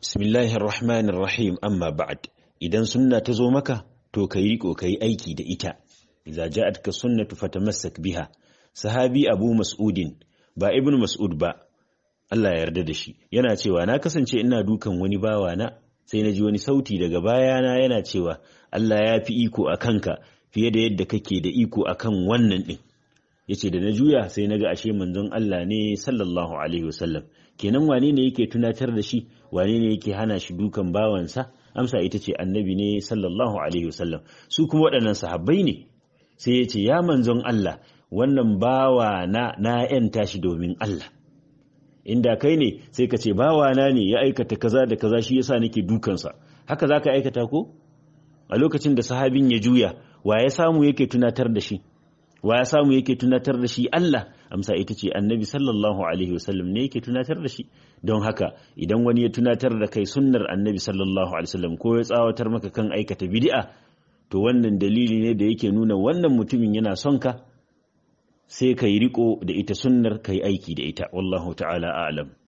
bismillahirrahmanirrahim amma ba'ad idan sunna ta zo maka to kai riko yi aiki da ita idza ja'atka sunnatu fatamassak biha sahabi Abu Mas'udin ba Ibn Mas'ud ba Allah ya yarda da shi yana cewa na kasance ina dukan wani bawa na sai na ji wani sauti daga bayana yana cewa Allah ya fi iko a kanka fiye da yadda kake da iko akan wannan ɗin. yace da na juya sai na ga ashe manzon Allah ne sallallahu alaihi wasallam kenan wane ne yake tunatar da shi wane ne yake hana shi dukan bawansa amsa ita ce annabi ne sallallahu alaihi wasallam su kuma waɗannan sahabbai ne sai yace ya manzon Allah wannan bawa na na yanta shi domin Allah inda kai ne sai ka ce bawa na ne ya aikata kaza da kaza shi yasa nake dukansa haka zaka aikata ko a lokacin da sahabin ya juya wa ya samu yake tunatar da shi wa ya samu yake tunatar da shi Allah amsa ita ce annabi sallallahu alaihi wasallam ne yake tunatar da shi don haka idan wani ya tunatar da kai sunnar annabi sallallahu alaihi wasallam ko ya tsawatar maka kan aikata bid'a to wannan dalili ne da yake nuna wannan mutumin yana son ka sai ka yi riko da ita sunnar kai aiki da ita wallahu ta'ala a'lam